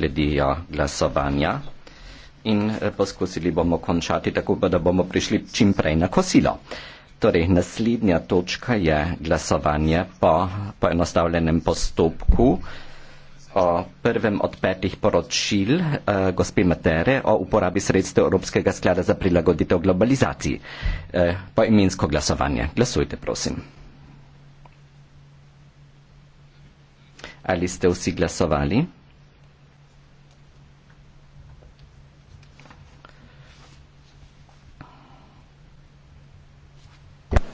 sledijo glasovanja. In eh, poskusili bomo končati tako, da bomo prišli čim prej na kosilo. Torej, naslednja točka je glasovanje po poenostavljenem postopku o prvem od petih poročil eh, gospe Matere o uporabi sredstev Evropskega sklada za prilagoditev globalizaciji. Eh, po imensko glasovanje. Glasujte, prosim. Ali ste vsi glasovali?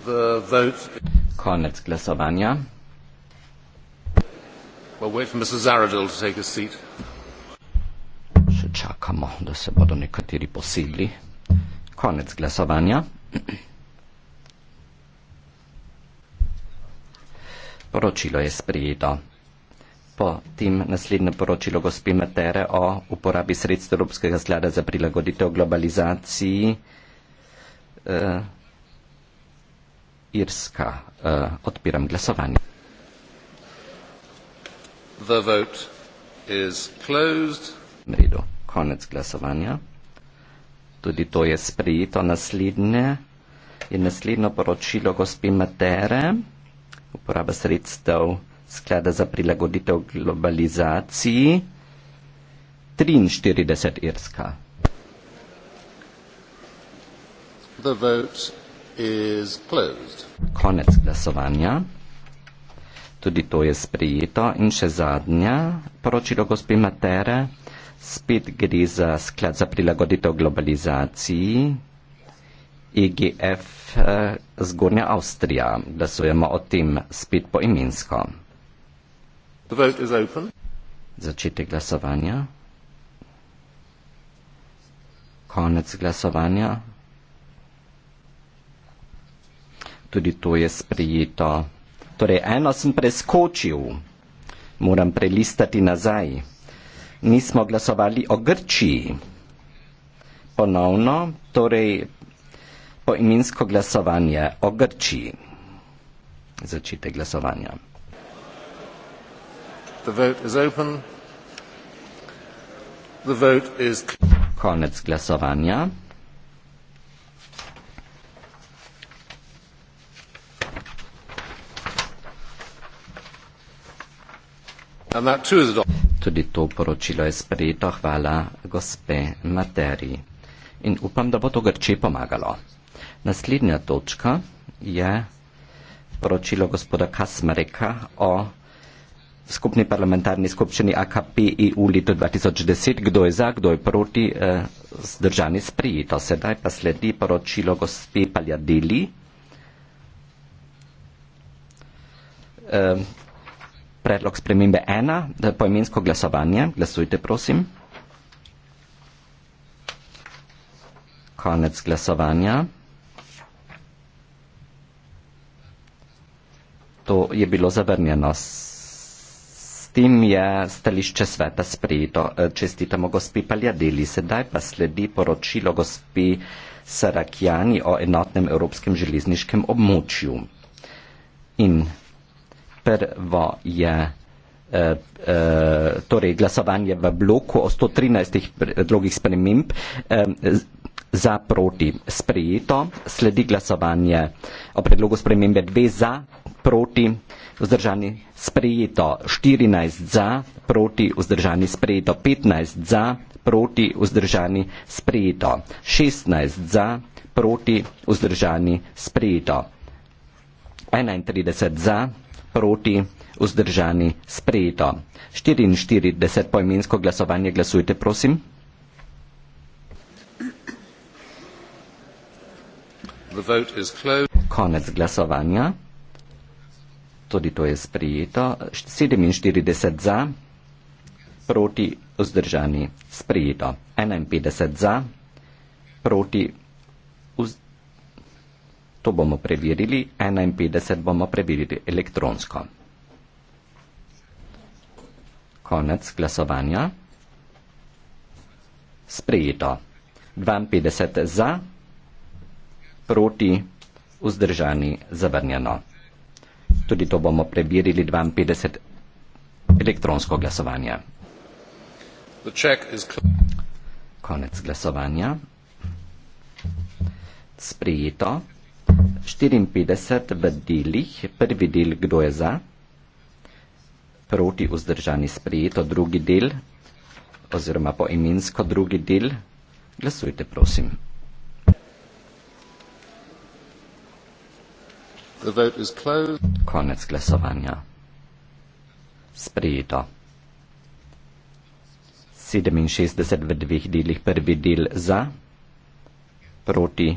the vote. Koniec głosowania. We'll wait for Mr. Zaradil to take his seat. Še čakamo, da se bodo nekateri posedli. Konec glasovanja. Poročilo je sprejeto. Potem naslednje poročilo gospe Matere o uporabi sredstev Evropskega sklada za prilagoditev globalizaciji. Eh, Irska. E, odpiram glasovanje. The vote is closed. Redo. Konec glasovanja. Tudi to je sprejeto. Naslednje je naslednjo poročilo gospe Matere. Uporaba sredstev sklada za prilagoditev globalizaciji. 43 Irska. The vote is closed. Konec glasovanja. Tudi to je sprejeto in še zadnja poročilo gospe Matere. Spet gre za sklad za prilagoditev globalizaciji. EGF eh, Zgornja Avstrija. Glasujemo o tem spet po imensko. Začetek glasovanja. Konec glasovanja. tudi to je sprejeto. Torej, eno sem preskočil, moram prelistati nazaj. Nismo glasovali o Grčiji. Ponovno, torej poimensko glasovanje o Grčiji. Začite glasovanja. Konec glasovanja. Tudi to poročilo je sprejeto, hvala gospe Materi. In upam, da bo to Grče pomagalo. Naslednja točka je poročilo gospoda Kasmareka o skupni parlamentarni skupščini AKP EU leto 2010, kdo je za, kdo je proti, eh, zdržani sprejeto. Sedaj pa sledi poročilo gospe Paljadeli. Eh, predlog spremembe ena, poimensko glasovanje. Glasujte, prosim. Konec glasovanja. To je bilo zavrnjeno. S tem je stališče sveta sprejeto. E, čestitamo gospi Paljadeli. Sedaj pa sledi poročilo gospi Sarakjani o enotnem evropskem železniškem območju. In prva je eh, eh, torej glasovanje v bloku o 113 drugih sprememb eh, za proti sprejeto, sledi glasovanje o predlogu spremembe dve za proti vzdržani sprejeto, 14 za proti vzdržani sprejeto, 15 za proti vzdržani sprejeto, 16 za proti vzdržani sprejeto. 31 za, proti, vzdržani, sprejeto. 44 poimensko glasovanje glasujte, prosim. Konec glasovanja. Tudi to je sprejeto. 47 za, proti, vzdržani, sprejeto. 51 za, proti, vzdržani. 100 bomo preverili, 51 bomo preverili elektronsko. Konec glasovanja. Sprejeto. 52 za, proti, vzdržani, zavrnjeno. Tudi to bomo preverili 52 elektronsko glasovanje. Konec glasovanja. Sprejeto. 54 v delih, prvi del, kdo je za, proti vzdržani sprejeto, drugi del, oziroma poimensko drugi del, glasujte prosim. Konec glasovanja. Sprejeto. 67 v dveh delih, prvi del za, proti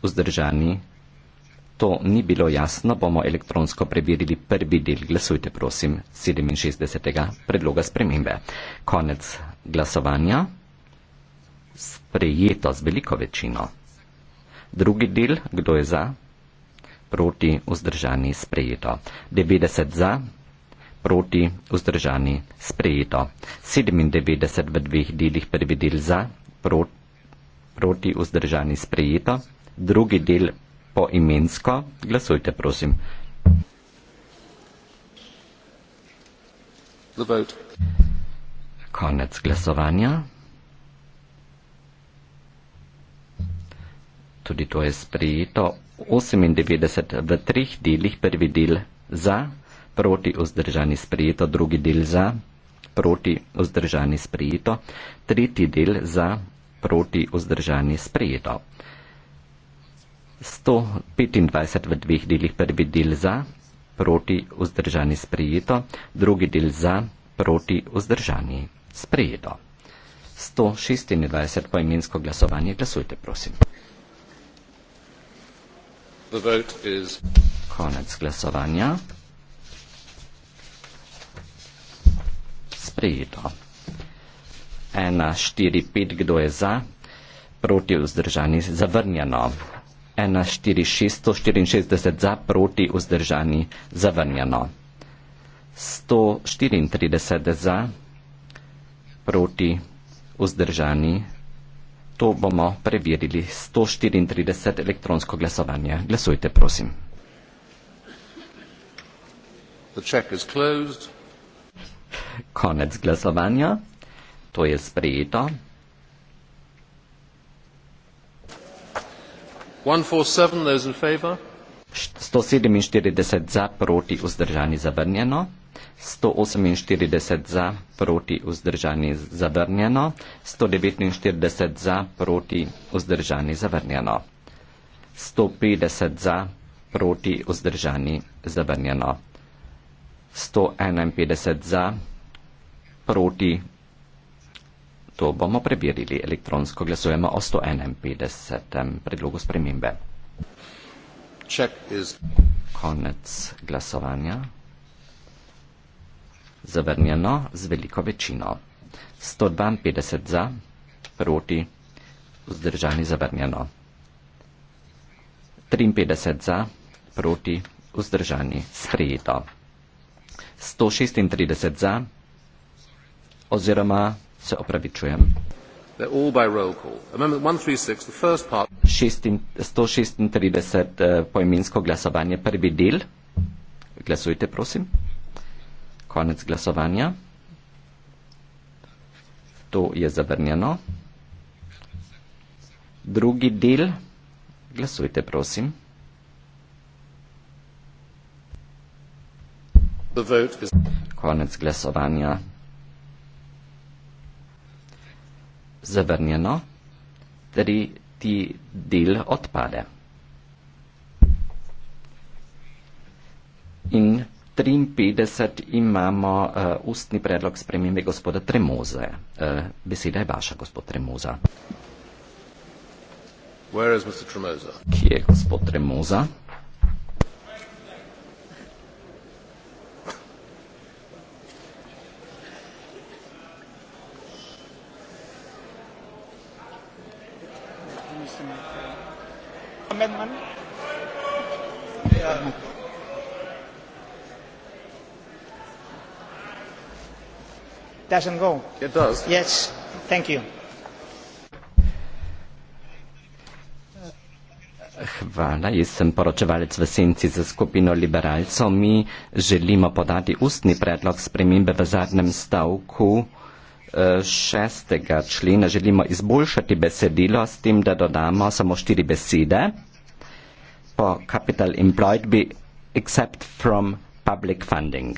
vzdržani sprejeto to ni bilo jasno, bomo elektronsko preverili prvi del. Glasujte, prosim, 67. predloga spremembe. Konec glasovanja. Sprejeto z veliko večino. Drugi del, kdo je za? Proti vzdržani sprejeto. 90 za, proti vzdržani sprejeto. 97 v dveh delih prvi del za, pro, proti vzdržani sprejeto. Drugi del poimensko. Glasujte, prosim. Konec glasovanja. Tudi to je sprejeto. 98 v treh delih, prvi del za, proti vzdržani sprejeto, drugi del za, proti vzdržani sprejeto, tretji del za, proti vzdržani sprejeto. 125 v dveh delih, prvi del za, proti vzdržani sprejeto, drugi del za, proti vzdržani sprejeto. 126 poimensko glasovanje, glasujte prosim. Konec glasovanja. Sprejeto. 1, 4, 5, kdo je za, proti vzdržani, zavrnjeno. 1464 za, proti vzdržani, zavrnjeno. 134 za, proti vzdržani. To bomo preverili. 134 elektronsko glasovanje. Glasujte, prosim. Konec glasovanja. To je sprejeto. 147 za, proti vzdržani zavrnjeno. 148 za, proti vzdržani zavrnjeno. 149 za, proti vzdržani zavrnjeno. 150 za, proti vzdržani zavrnjeno. 151 za, proti To bomo preverili. Elektronsko glasujemo o 151 predlogu spremembe. Konec glasovanja. Zavrnjeno z veliko večino. 152 za, proti, vzdržani zavrnjeno. 53 za, proti, vzdržani sprejeto. 136 za, oziroma se opravičujem. 136 eh, pojmensko glasovanje, prvi del. Glasujte, prosim. Konec glasovanja. To je zavrnjeno. Drugi del. Glasujte, prosim. Konec glasovanja. zavrnjeno, tri ti del odpade. In 53 imamo uh, ustni predlog spremembe gospoda Tremoze. Uh, beseda je vaša, gospod Tremoza. Where is Mr. Tremoza? Kje je gospod Tremoza? does not go. it does. yes. thank you. Hvala, jaz sem poročevalec v senci za skupino liberalcev. Mi želimo podati ustni predlog spremembe v zadnjem stavku eh, šestega člena. Želimo izboljšati besedilo s tem, da dodamo samo štiri besede. Po capital employed be except from public funding.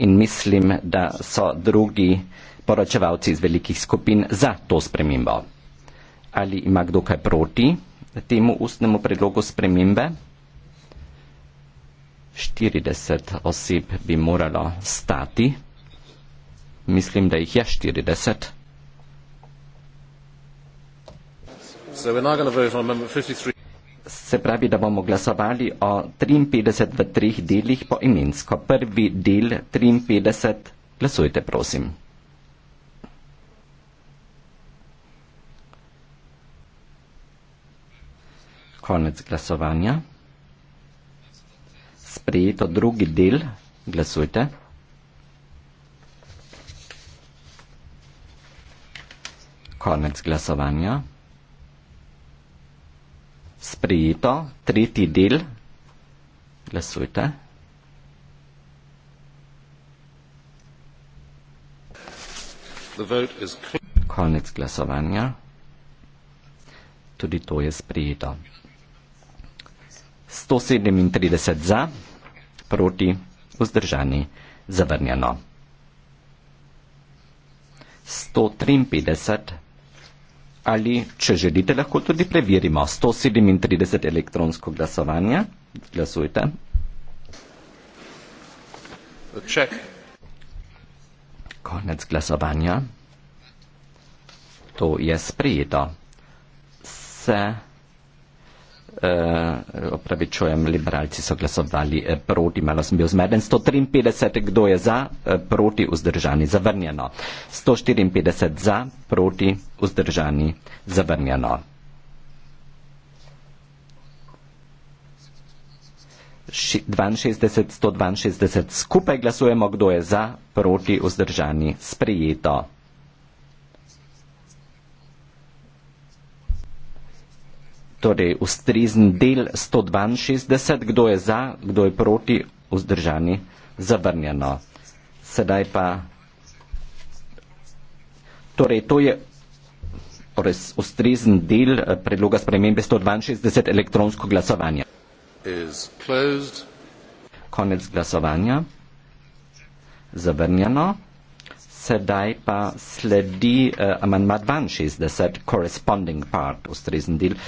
In mislim, da so drugi poročevalci iz velikih skupin za to spremembo. Ali ima kdo kaj proti temu ustnemu predlogu spremembe? 40 oseb bi moralo stati. Mislim, da jih je 40. So we're now going to vote on Amendment 53 se pravi, da bomo glasovali o 53 v treh delih po imensko. Prvi del 53, glasujte prosim. Konec glasovanja. Sprejeto drugi del, glasujte. Konec glasovanja sprejeto, tretji del, glasujte. Konec glasovanja. Tudi to je sprejeto. 137 za, proti, vzdržani, zavrnjeno. 153 ali, če želite, lahko tudi preverimo. 137 elektronsko glasovanje. Glasujte. Ček. Konec glasovanja. To je sprejeto. Se. Uh, opravičujem, liberalci so glasovali uh, proti, malo sem bil zmeden. 153, kdo je za, uh, proti, vzdržani, zavrnjeno. 154 za, proti, vzdržani, zavrnjeno. Ši, 62, 162, skupaj glasujemo, kdo je za, proti, vzdržani, sprejeto. torej ustrezen del 162, kdo je za, kdo je proti, vzdržani, zavrnjeno. Sedaj pa. Torej, to je res torej, ustrezen del eh, predloga spremembe 162 elektronsko glasovanje. Konec glasovanja. Zavrnjeno. Sedaj pa sledi uh, amandma 62, corresponding part, ustrezen del. Uh,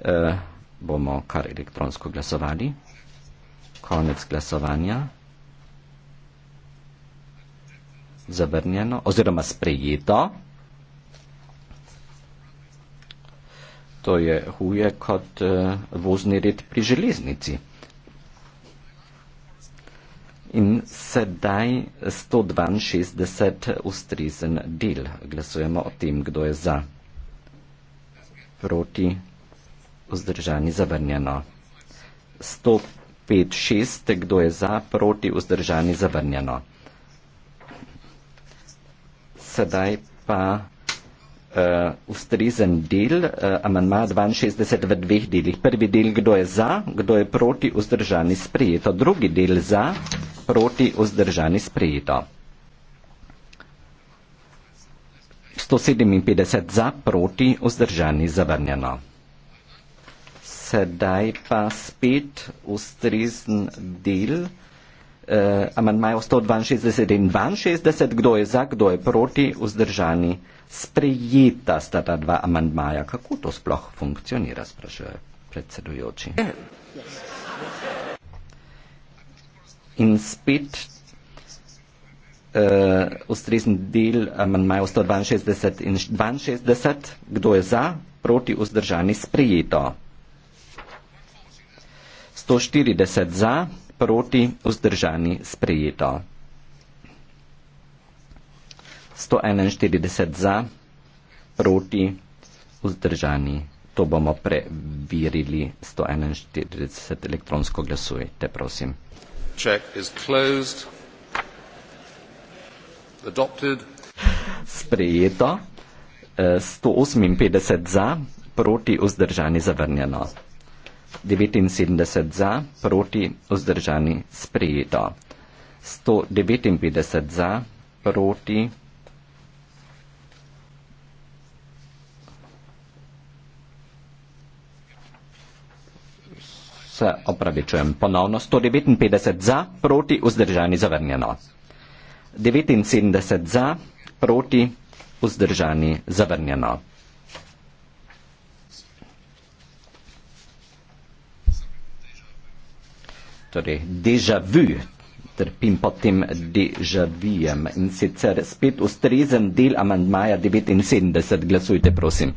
Eh, bomo kar elektronsko glasovali. Konec glasovanja. Zavrnjeno oziroma sprejeto. To je huje kot uh, vozni red pri železnici. In sedaj 162 ustrezen del. Glasujemo o tem, kdo je za. Proti vzdržani zavrnjeno. 105, 6, kdo je za, proti, vzdržani zavrnjeno. Sedaj pa uh, ustrezen del, uh, amanma 62 v dveh delih. Prvi del, kdo je za, kdo je proti, vzdržani sprejeto. Drugi del za, proti, vzdržani sprejeto. 157 za, proti, vzdržani zavrnjeno sedaj pa spet ustrezen del. Uh, Amandmaj 162 in 62, kdo je za, kdo je proti, vzdržani. Sprejeta sta ta dva amandmaja. Kako to sploh funkcionira, sprašuje predsedujoči. In spet uh, ustrezen del amandmaja 162 in 62, kdo je za, proti, vzdržani. Sprejeto. 140 za, proti, vzdržani, sprejeto. 141 za, proti, vzdržani. To bomo preverili 141 elektronsko glasujte, prosim. Check is closed. Adopted. Sprejeto. 158 eh, za, proti, vzdržani, zavrnjeno. 79 za, proti, vzdržani, sprejeto. 159 za, proti, se opravičujem ponovno, 159 za, proti, vzdržani, zavrnjeno. 79 za, proti, vzdržani, zavrnjeno. torej deja vu, trpim pod tem deja vujem in sicer spet ustrezen del amandmaja 79. Glasujte, prosim.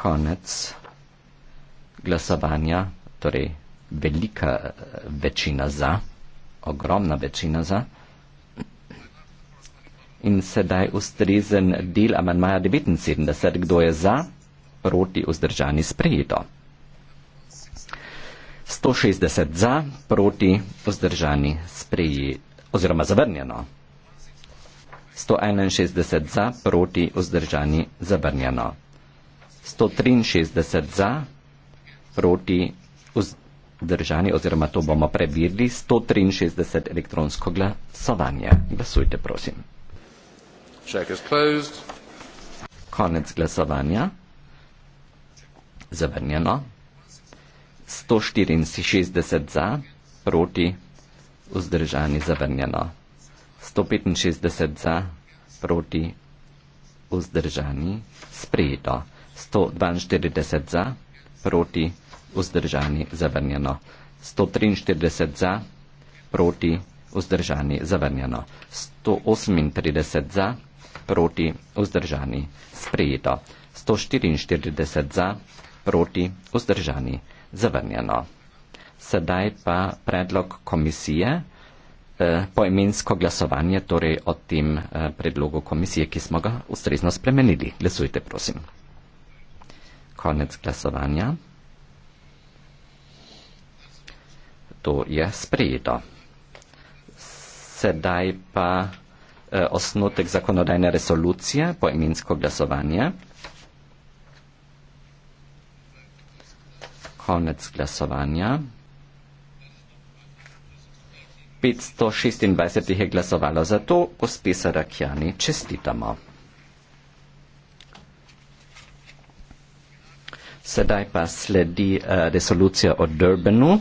Konec glasovanja, torej velika eh, večina za, ogromna večina za. In sedaj ustrezen del amandmaja 79. Kdo je za? Proti vzdržani sprejeto. 160 za, proti, vzdržani, spreji, oziroma zavrnjeno. 161 za, proti, vzdržani, zavrnjeno. 163 za, proti, vzdržani, oziroma to bomo prebirli, 163 elektronsko glasovanje. Glasujte, prosim. Konec glasovanja. Zavrnjeno. 164 za, proti, vzdržani, zavrnjeno. 165 za, proti, vzdržani, sprejeto. 142 za, proti, vzdržani, zavrnjeno. 143 za, proti, vzdržani, zavrnjeno. 138 za, proti, vzdržani, sprejeto. 144 za, proti, vzdržani zavrnjeno. Sedaj pa predlog komisije, eh, poimensko glasovanje torej o tem eh, predlogu komisije, ki smo ga ustrezno spremenili. Glasujte, prosim. Konec glasovanja. To je sprejeto. Sedaj pa eh, osnotek zakonodajne resolucije, poimensko glasovanje. konec glasovanja. 526 jih je glasovalo za to, gospe Sarakjani, čestitamo. Sedaj pa sledi uh, resolucija o Durbenu.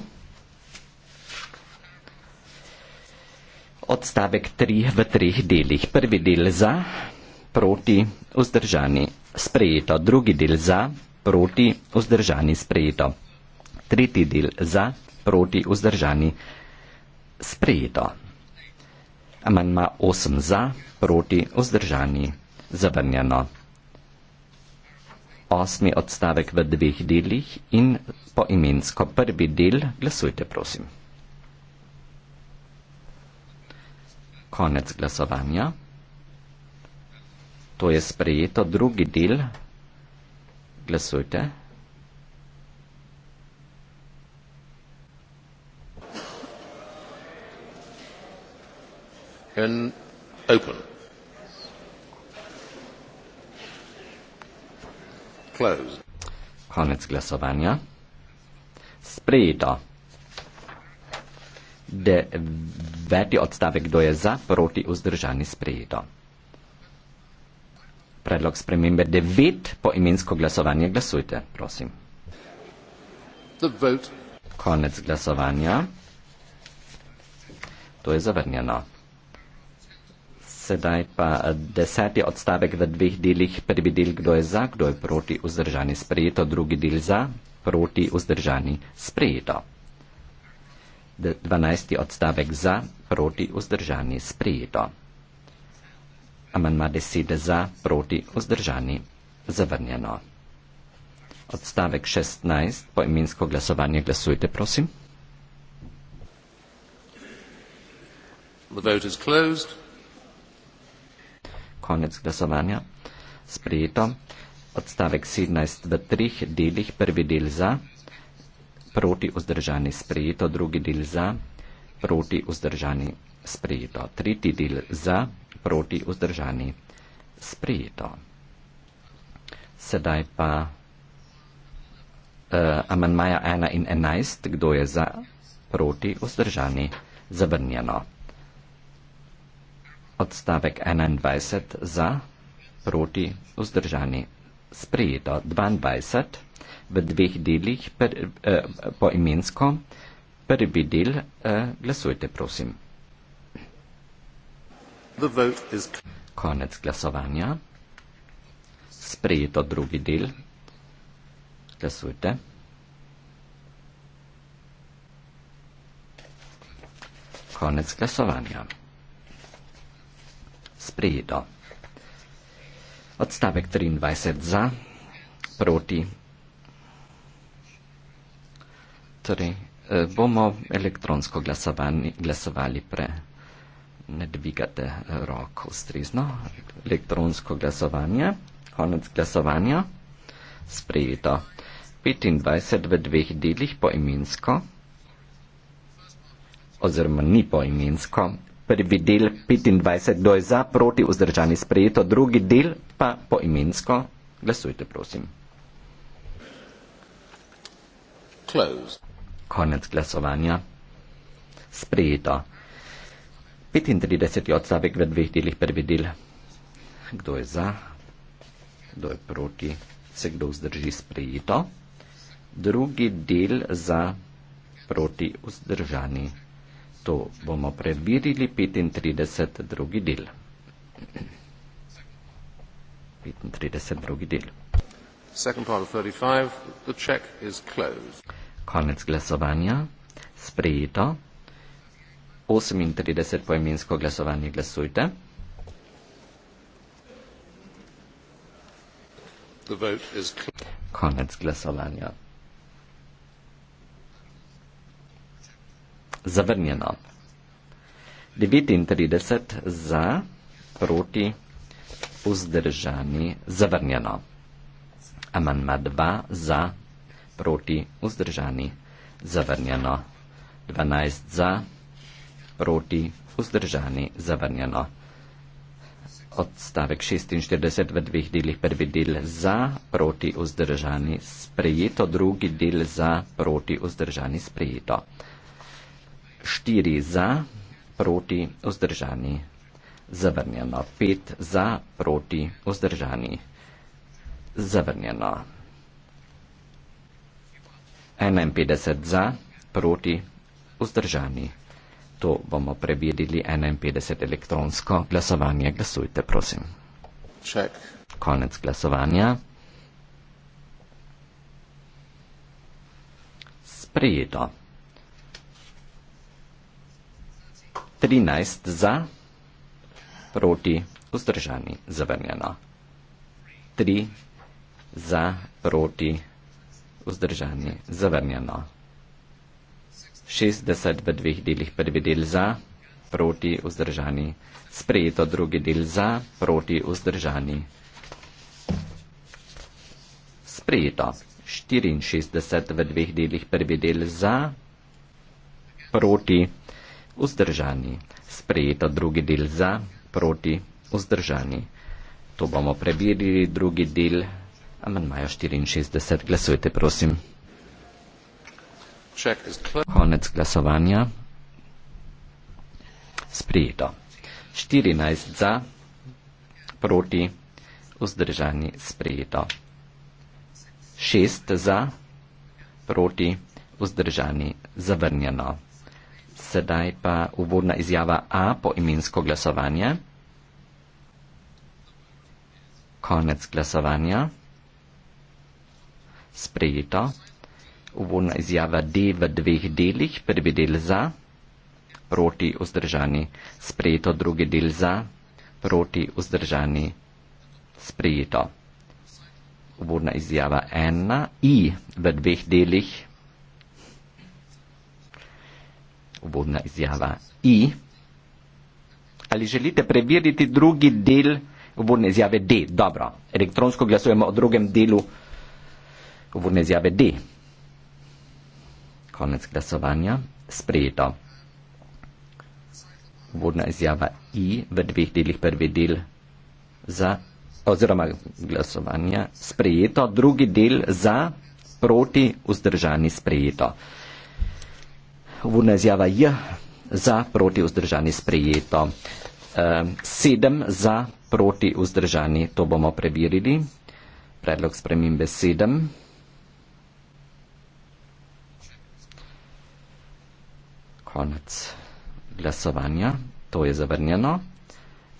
Odstavek 3 v 3 delih. Prvi del za, proti, vzdržani, sprejeto. Drugi del za, proti, vzdržani, sprejeto tretji del za, proti, vzdržani, sprejeto. Amanma 8 za, proti, vzdržani, zavrnjeno. Osmi odstavek v dveh delih in poimensko prvi del glasujte, prosim. Konec glasovanja. To je sprejeto drugi del. Glasujte. can open close koniec głosowania sprzeda de veti odstavek do je za proti uzdržani sprejeto. Predlog spremembe 9 po imensko glasovanje glasujte, prosim. The vote. Konec glasovanja. To je zavrnjeno. Sedaj pa deseti odstavek v dveh delih. Prvi del, kdo je za, kdo je proti vzdržani sprejeto, drugi del za, proti vzdržani sprejeto. Dvanajsti odstavek za, proti vzdržani sprejeto. Amanma deset za, proti vzdržani zavrnjeno. Odstavek 16. Po imensko glasovanje glasujte, prosim. The vote is closed konec glasovanja. Sprejeto. Odstavek 17 v treh delih. Prvi del za, proti vzdržani sprejeto. Drugi del za, proti vzdržani sprejeto. Tretji del za, proti vzdržani sprejeto. Sedaj pa uh, eh, amanmaja 1 in 11. Kdo je za, proti vzdržani zavrnjeno odstavek 21 za, proti, vzdržani. Sprejeto 22 v dveh delih per, eh, po imensko. Prvi del eh, glasujte, prosim. Is... Konec glasovanja. Sprejeto drugi del. Glasujte. Konec glasovanja sprejeto. Odstavek 23 za, proti. Torej, eh, bomo elektronsko glasovali pre. Ne dvigate eh, rok ustrezno. Elektronsko glasovanje, konec glasovanja, sprejeto. 25 v dveh delih poimensko, oziroma ni poimensko, prvi del 25, kdo je za, proti, vzdržani, sprejeto, drugi del pa poimensko. Glasujte, prosim. Close. Konec glasovanja. Sprejeto. 35. odstavek v dveh delih prvi del. Kdo je za, kdo je proti, se kdo vzdrži sprejeto. Drugi del za, proti, vzdržani. To bomo prebirili 35. drugi del. 35. drugi del. Konec glasovanja. Sprejeto. 38 poemensko glasovanje glasujte. Konec glasovanja. zavrnjeno. 39 za, proti, vzdržani, zavrnjeno. Amanma 2 za, proti, vzdržani, zavrnjeno. 12 za, proti, vzdržani, zavrnjeno. Odstavek 46 v dveh delih. Prvi del za, proti, vzdržani, sprejeto. Drugi del za, proti, vzdržani, sprejeto. 4 za, proti, vzdržani. Zavrnjeno. 5 za, proti, vzdržani. Zavrnjeno. 51 za, proti, vzdržani. To bomo preverili 51 elektronsko glasovanje. Glasujte, prosim. Check. Konec glasovanja. Sprejeto. 13 za, proti, vzdržani, zavrnjeno. 3 za, proti, vzdržani, zavrnjeno. 60 v dveh delih prvi del za, proti, vzdržani. Sprejeto drugi del za, proti, vzdržani. Sprejeto. 64 v dveh delih prvi del za, proti, vzdržani vzdržani. Sprejeta drugi del za, proti, vzdržani. To bomo preverili drugi del amenmaja 64. Glasujte, prosim. Konec glasovanja. Sprejeto. 14 za, proti, vzdržani, sprejeto. 6 za, proti, vzdržani, zavrnjeno. Sedaj pa uvodna izjava A po imensko glasovanje. Konec glasovanja. Sprejeto. Uvodna izjava D v dveh delih, prvi del za, proti vzdržani. Sprejeto drugi del za, proti vzdržani. Sprejeto. Uvodna izjava 1, I v dveh delih, uvodna izjava. I, ali želite preveriti drugi del uvodne izjave D? Dobro, elektronsko glasujemo o drugem delu uvodne izjave D. Konec glasovanja, sprejeto. Uvodna izjava I v dveh delih prvi del za, oziroma glasovanja, sprejeto, drugi del za, proti, vzdržani, sprejeto. Uvodna izjava je za proti vzdržani sprejeto. Eh, sedem za proti vzdržani, to bomo prebirili. Predlog spremembe sedem. Konec glasovanja, to je zavrnjeno.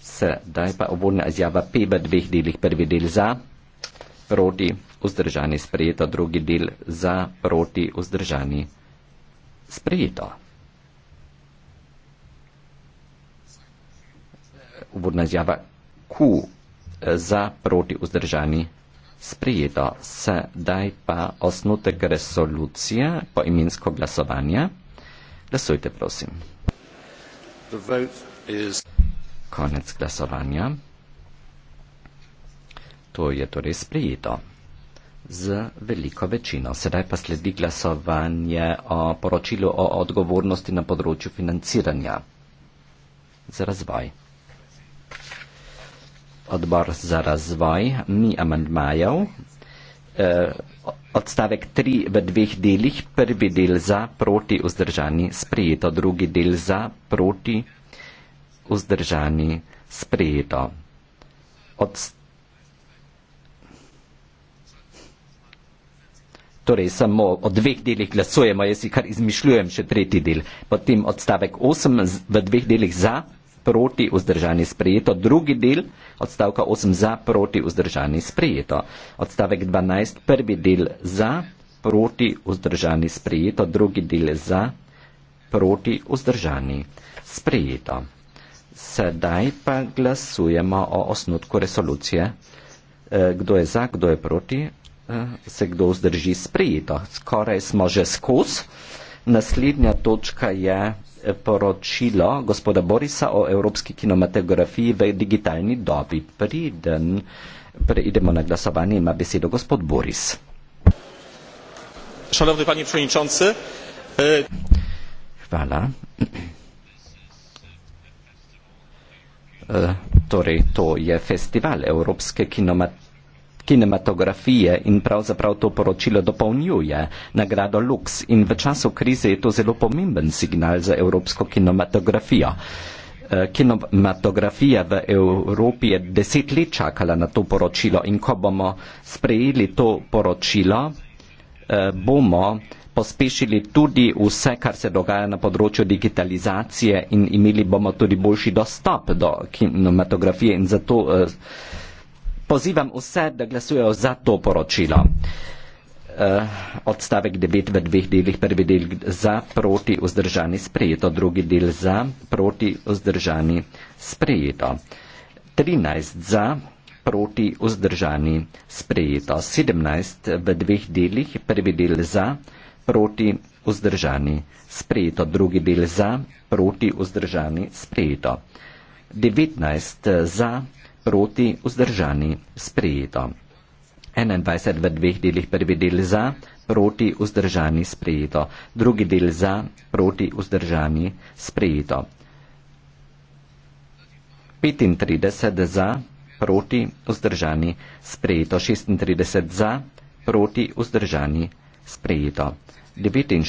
Sedaj pa uvodna izjava P v dveh delih. Prvi del za, proti vzdržani sprejeto, drugi del za, proti vzdržani sprejeta. Uvodna izjava Q eh, za proti vzdržani sprejeta. Sedaj pa osnutek resolucije po imensko glasovanje. Glasujte, prosim. Is... Konec glasovanja. To je torej sprejeto z veliko večino. Sedaj pa sledi glasovanje o poročilu o odgovornosti na področju financiranja za razvoj. Odbor za razvoj ni amandmajev. Eh, odstavek 3 v dveh delih. Prvi del za, proti, vzdržani, sprejeto. Drugi del za, proti, vzdržani, sprejeto. Odstavek 3. Torej, samo o dveh delih glasujemo, jaz si kar izmišljujem še tretji del. Potem odstavek 8 v dveh delih za, proti, vzdržani, sprejeto. Drugi del odstavka 8 za, proti, vzdržani, sprejeto. Odstavek 12, prvi del za, proti, vzdržani, sprejeto. Drugi del za, proti, vzdržani, sprejeto. Sedaj pa glasujemo o osnutku resolucije. Eh, kdo je za, kdo je proti? Eh, se kdo zdrži sprijeto. Skoraj smo že skus. Naslednja točka je eh, poročilo gospoda Borisa o evropski kinematografiji v digitalni dobi. Priden, preidemo na glasovanje, ima besedo gospod Boris. Šalovni pani predsedujoči. Hvala. E, torej, to je festival evropske kinematografije kinematografije in pravzaprav to poročilo dopolnjuje nagrado Lux in v času krize je to zelo pomemben signal za evropsko kinematografijo. Eh, kinematografija v Evropi je deset let čakala na to poročilo in ko bomo sprejeli to poročilo, eh, bomo pospešili tudi vse, kar se dogaja na področju digitalizacije in imeli bomo tudi boljši dostop do kinematografije in zato uh, Pozivam vse, da glasujejo za to poročilo. Uh, odstavek 9 v dveh delih, prvi del za, proti, vzdržani, sprejeto, drugi del za, proti, vzdržani, sprejeto. 13 za, proti, vzdržani, sprejeto. 17 v dveh delih, prvi del za, proti, vzdržani, sprejeto, drugi del za, proti, vzdržani, sprejeto. 19 za, proti, vzdržani, sprejeto. 21 v dveh delih, prvi del za, proti, vzdržani, sprejeto, drugi del za, proti, vzdržani, sprejeto. 35 za, proti, vzdržani, sprejeto, 36 za, proti, vzdržani, sprejeto, 69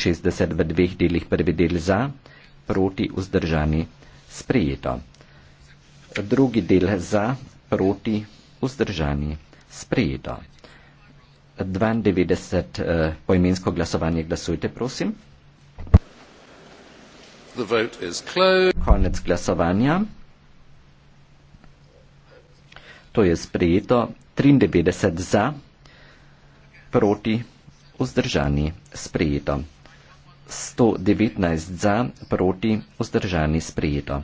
v dveh delih, prvi del za, proti, vzdržani, sprejeto drugi del za, proti, vzdržani, sprejeto. 92 uh, eh, poimensko glasovanje glasujte, prosim. Konec glasovanja. To je sprejeto. 93 za, proti, vzdržani, sprejeto. 119 za, proti, vzdržani, sprejeto.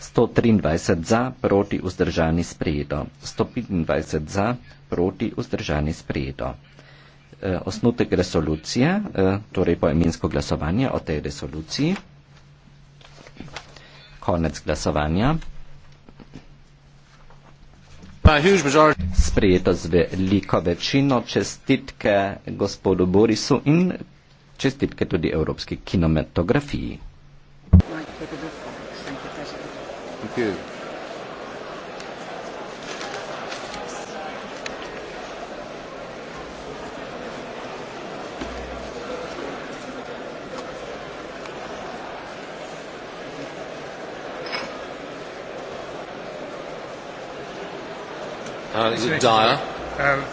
123 za, proti vzdržani sprejeto. 125 za, proti vzdržani sprejeto. E, osnutek resolucije, e, torej poemensko glasovanje o tej resoluciji. Konec glasovanja. Sprejeto z veliko večino. Čestitke gospodu Borisu in čestitke tudi Evropski kinematografiji. Thank you. Uh, is it Dyer? Um,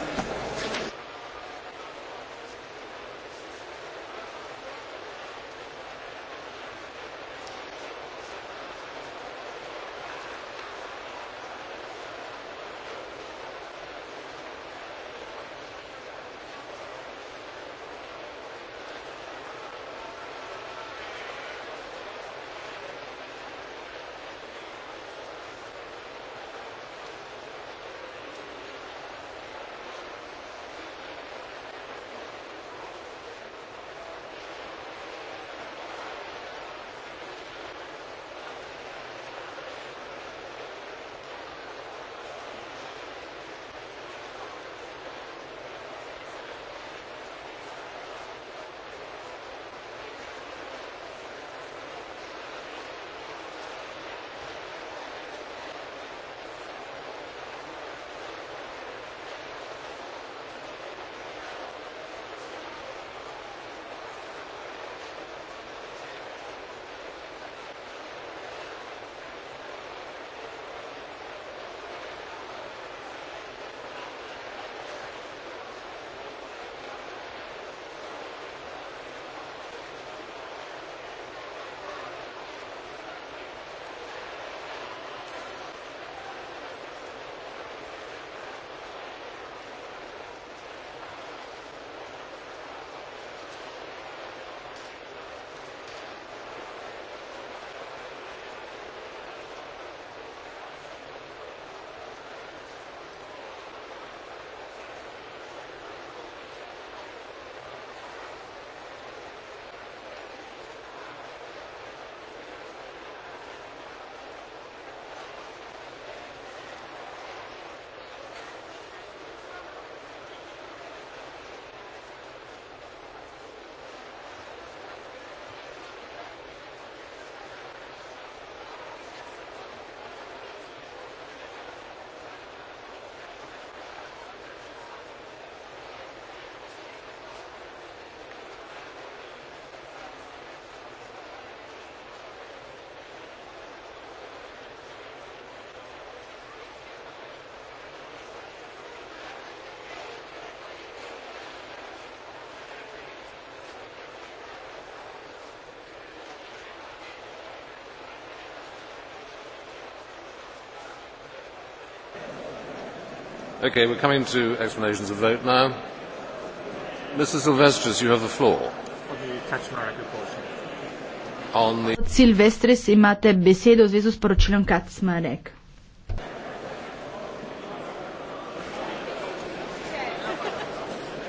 okay we're coming to explanations of vote now mr silvestris you have the floor Silvestris imate besedo v zvezi s poročilom Kacmarek.